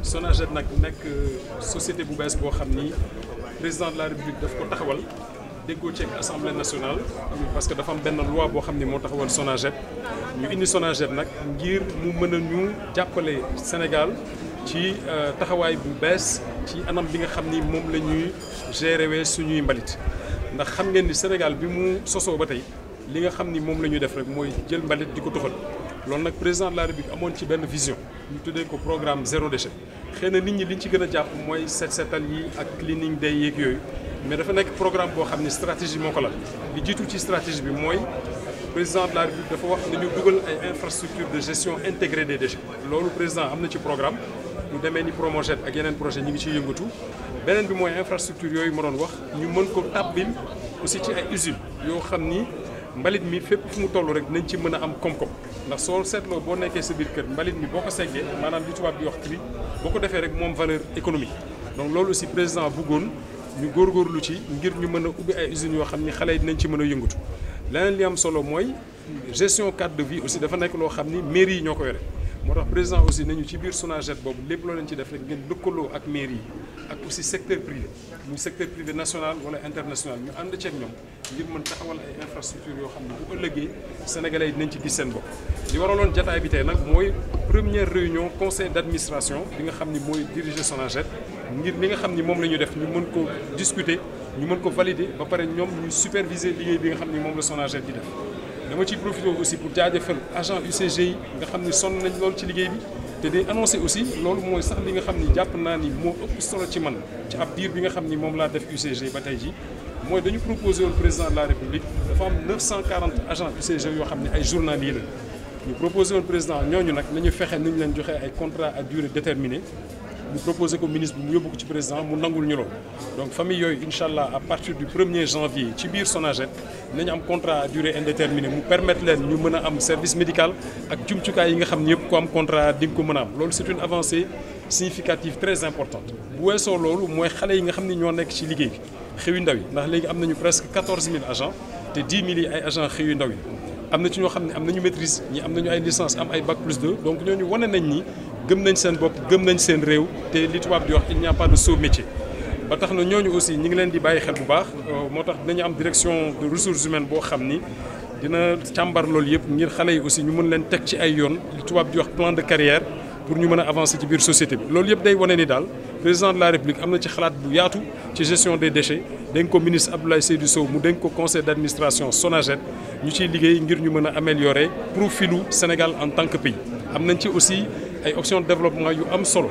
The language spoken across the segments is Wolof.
Sonaged nag nekk société bu bees boo xam ni président de la république daf ko taxawal déggoo ceeg assemblée nationale parce que dafa am benn loi boo xam ni moo taxawal Sonaged ñu indi Sonaged nag ngir mu mën a ñu jàppale Sénégal ci euh, taxawaay bu bees ci anam bi nga xam ni moom la ñuy gérer suñuy mbalit ndax xam ngeen ni Sénégal bi mu sosoo ba tey. li nga xam ni moom la ñu def rek mooy jël mbalit di ko toxal loolu nag président la République amoon ci benn vision ñu tuddee ko programme zéro déchet xëy na nit ñi li ñu ci gën a jàpp mooy set setal yi ak cleaning day yeeg yooyu mais dafa nekk programme boo xam ni stratégie moo ko lal li jiitu ci stratégie bi mooy président de la République dafa wax nañu dugal ay infrastructure de gestion intégrée des déchets loolu président am na ci programme lu deme ni Promojet ak yeneen projet ñi ngi ciy yëngatu beneen bi mooy infrastructure yooyu ma doon wax ñu mën ko tàbbil aussi ci ay usines yoo xam ni mbalit mi fépp fu mu toll rek nañ ci mën a am koom-koom ndax soo seetloo boo nekkee sa biir kër mbalit mi boo ko seggee maanaam li tubaab di wax tri boo ko defee rek moom valeur économique donc loolu si président bëggoon ñu góor góorgóorlu ci ngir ñu mën a ubbi ay usines yoo xam ni xale yi dinañ ci mën a yëngatu leneen li am solo mooy gestion cadre de vie aussi dafa nekk loo xam ni mairie yi ñoo ko yore moo tax président aussi nañu ci biir SONAGED boobu lépp loo leen ci def ngeen lëkkaloo ak mairie yi ak aussi secteur privé muy secteur privé national wala international ñu ànd ceeg ñoom ngir mën taxawal ay infrastructure yoo xam ne bu ëllëgee sénégalais yi dinañ ci gis seen bopp. li waraloon jataay bi tey nag mooy première réunion conseil d' administration bi nga xam ni mooy diriger ngir li nga xam ni moom la ñu def ñu mën ko discuter ñu mën ko valider ba pare ñoom ñu superviser liggéey bi nga xam ni moom la Sonaged di def. dama ciy profité aussi pour jaajëfal agent UCG yi nga xam ni sonn nañ lool ci liggéey bi. te di annoncé aussi loolu mooy sax li nga xam ni jàpp naa ni moo ëpp solo ci man ci ab diir bi nga xam ni moom laa def UCG ba tey ji mooy dañu proposé woon président de la république dafa am 940 agents UCG yoo xam ne ay journaliers la ñu proposé président ñooñu nag nañu fexe ni ñu leen joxee ay contrat à durée déterminée ñu proposé ko ministre bi mu yóbbu ko ci président mu nangul ñu loolu donc famille yooyu incha allah à partir du 1 janvier ci biir Sonaged nañu am contrat à durée mu permettre leen ñu mën a am service médical ak jumtukaay yi nga xam ne yëpp ku am contrat di nga ko mën a am loolu c'est une avancée significative très importante bu weesoo loolu mooy xale yi nga xam ne ñoo nekk ci liggéey bi xëyu ndaw yi ndax léegi am nañu presque 14000 agents te 10 000 yi ay agents xëyu ndaw am na ci ñoo xam ne nañu maîtrise ñi am nañu ay licence am ay bac plus 2 donc ñooñu wane nañ ni gëm nañ seen bopp gëm nañ seen réew te li tubaab di wax il n'y a pas de sot ba tax na ñooñu aussi ñi ngi leen di bàyyi xel bu baax euh, moo tax dinañu am direction de ressources humaines boo xam ni dina càmbar loolu yëpp ngir xale yi aussi ñu mën leen teg ci ay yoon li tubaab di wax plan de carrière pour ñu mën a avancer ci biir société bi loolu yëpp day wane ni daal président de la république am na ci xalaat bu yaatu ci gestion des déchets dénk ko ministre Abdoulaye Seydou Sow mu dénk ko conseil d' administration ñu ciy liggéey ngir ñu mën a améliorer profilu Sénégal en tant que pays am nañ ci aussi ay options développement yu am solo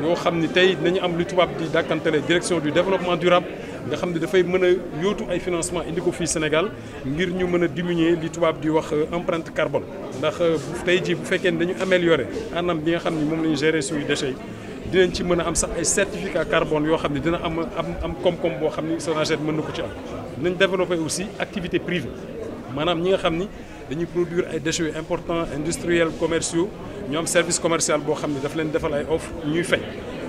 yoo xam ni tey nañu am lu tubaab di dàkkantale direction du développement durable nga xam ne dafay mën a yootu ay financement indi ko fii Sénégal ngir ñu mën a diminuer li tubaab di wax euh, empreinte carbon ndax euh, tey jii bu fekkee ne dañu améliorer anam bi nga xam ni moom la ñu gérer suñu déchets yi dinañ ci mën a am sax ay certificat carbone yoo xam ne dina am am am koom boo xam ni SONAGED mën na ko ci am nañ développer aussi activité privée maanaam ñi nga xam ni dañuy produire ay déchets yu importants industriels commerciaux ñu am service commercial boo xam ne daf leen defal ay offre ñuy fay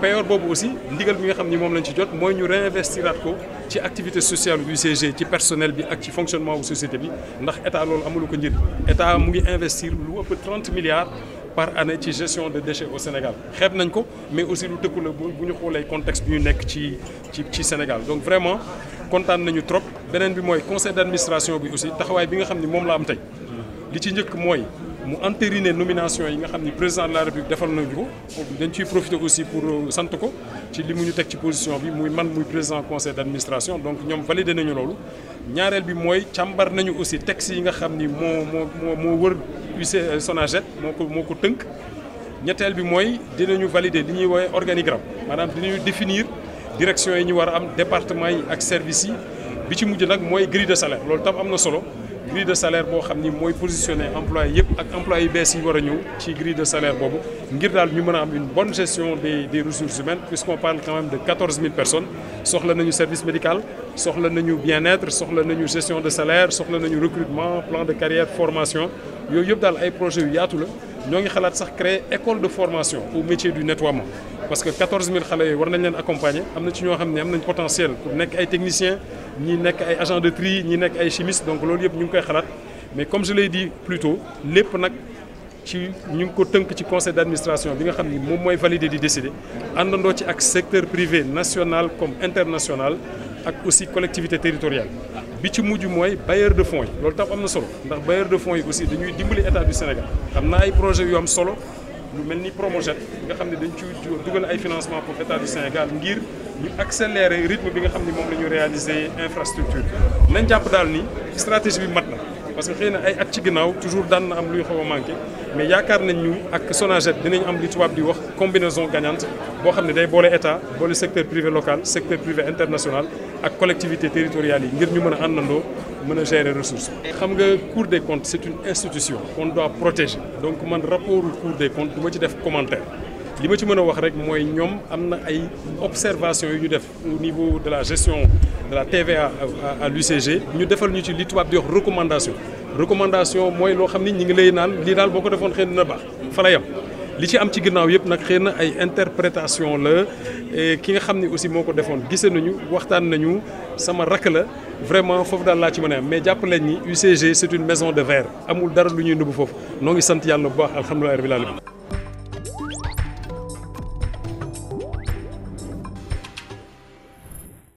payor boobu aussi ndigal bi nga xam ni moom lañ ci jot mooy ñu réinvestiraat ko ci activité sociale bu UCG ci personnel bi ak ci fonctionnement bu société bi ndax état loolu amulu ko njëriñ état mu ngi investir lu ëpp 30 milliards par année ci gestion de déchets au Sénégal xeeb nañ ko mais aussi lu tëkku la bu ñu xoolee contexte bi ñu nekk ci ci ci Sénégal donc vraiment kontaan nañu trop beneen bi mooy conseil d'administration bi aussi taxawaay bi nga xam ni moom la am tey li ci njëkk mooy mu entériner nomination yi nga xam ni président de la république defal nañu ko dañ ciy profiter aussi pour euh, sant ko ci li mu ñu teg ci position bi muy man muy président conseil d' administration donc ñoom validé nañu loolu ñaareel bi mooy càmbar nañu aussi texte yi nga xam ni moo moo moo wër UC euh, Sonaged moo ko moo ko tënk ñetteel bi mooy dinañu valider li ñuy woowee organigramme maanaam dinañu définir direction yi ñu war a am département yi ak service yi bi ci mujj nag mooy grille de loolu tam am na solo grille de salaire boo xam ni mooy positionner employé yëpp ak employé yu bees yi war a ñëw ci grille de salaire boobu ngir daal ñu mën a am une bonne gestion des des ressources humaines puisqu'on parle quand même de 14000 personnes soxla nañu service médical soxla nañu bien-être soxla nañu gestion de salaire soxla nañu recrutement plan de carrière formation yooyu yëpp daal ay projets yu yaatu la ñoo ngi xalaat sax créer école de formation au métier du nettoiement parce que 14000 xale yooyu war nañ leen xam ne am nañ potentiel pour ñi nekk ay agent de tri ñi nekk ay chimiste donc loolu yëpp ñu ngi koy xalaat mais comme je l'ai dit plus tôt lépp nag ci ñu ngi ko tënk ci conseil d'administration bi nga xam ni moom mooy valider di décider àndandoo ci ak secteur privé national comme international ak aussi collectivité territoriale bi ci mujj mooy bailleur de fonds yi loolu tam am na solo ndax bailleur de fonds yi aussi dañuy dimbali état du Sénégal am na ay projet yu am solo lu mel ni Promojet nga xam ne dañ ci dugal ay financement pour état du Sénégal ngir ñu accélérer rythme bi nga xam ne moom la ñu réaliser infrastructure nañ jàpp daal ni stratégie bi mat na parce que xëy na ay at ci ginnaaw toujours daan na am luy xaw a manqué mais yaakaar nañ ñu ak Sonaged dinañ am li tubaab di wax combinaison gagnante boo xam ne day boole état boole secteur privé local secteur privé international ak collectivité territoriales yi ngir ñu mën a àndandoo mën a gérer ressources. xam nga Cour des comptes c'est une institution qu'on doit protéger donc man rapport Cour des comptes du ma ci def commentaire. li ma ci mën a wax rek mooy ñoom am na ay observation yu ñu def au niveau de la gestion de la TVA à l'UCG ñu defal ñu ci li tubaab di wax recommandation recommandation mooy loo xam ni ñu ngi lay naan lii daal boo ko defoon xëy na dina baax fa la yam li ci am ci ginnaaw yëpp nag xëy na ay interprétation la ki nga xam ni aussi moo ko defoon gise nañu waxtaan nañu sama rakk la vraiment foofu daal laa ci mën a am mais jàpp leen ni UCG c'est une maison de verre amul dara lu ñuy nëbb foofu noo ngi sant yàlla bu baax alhamdulilah rabbil alamin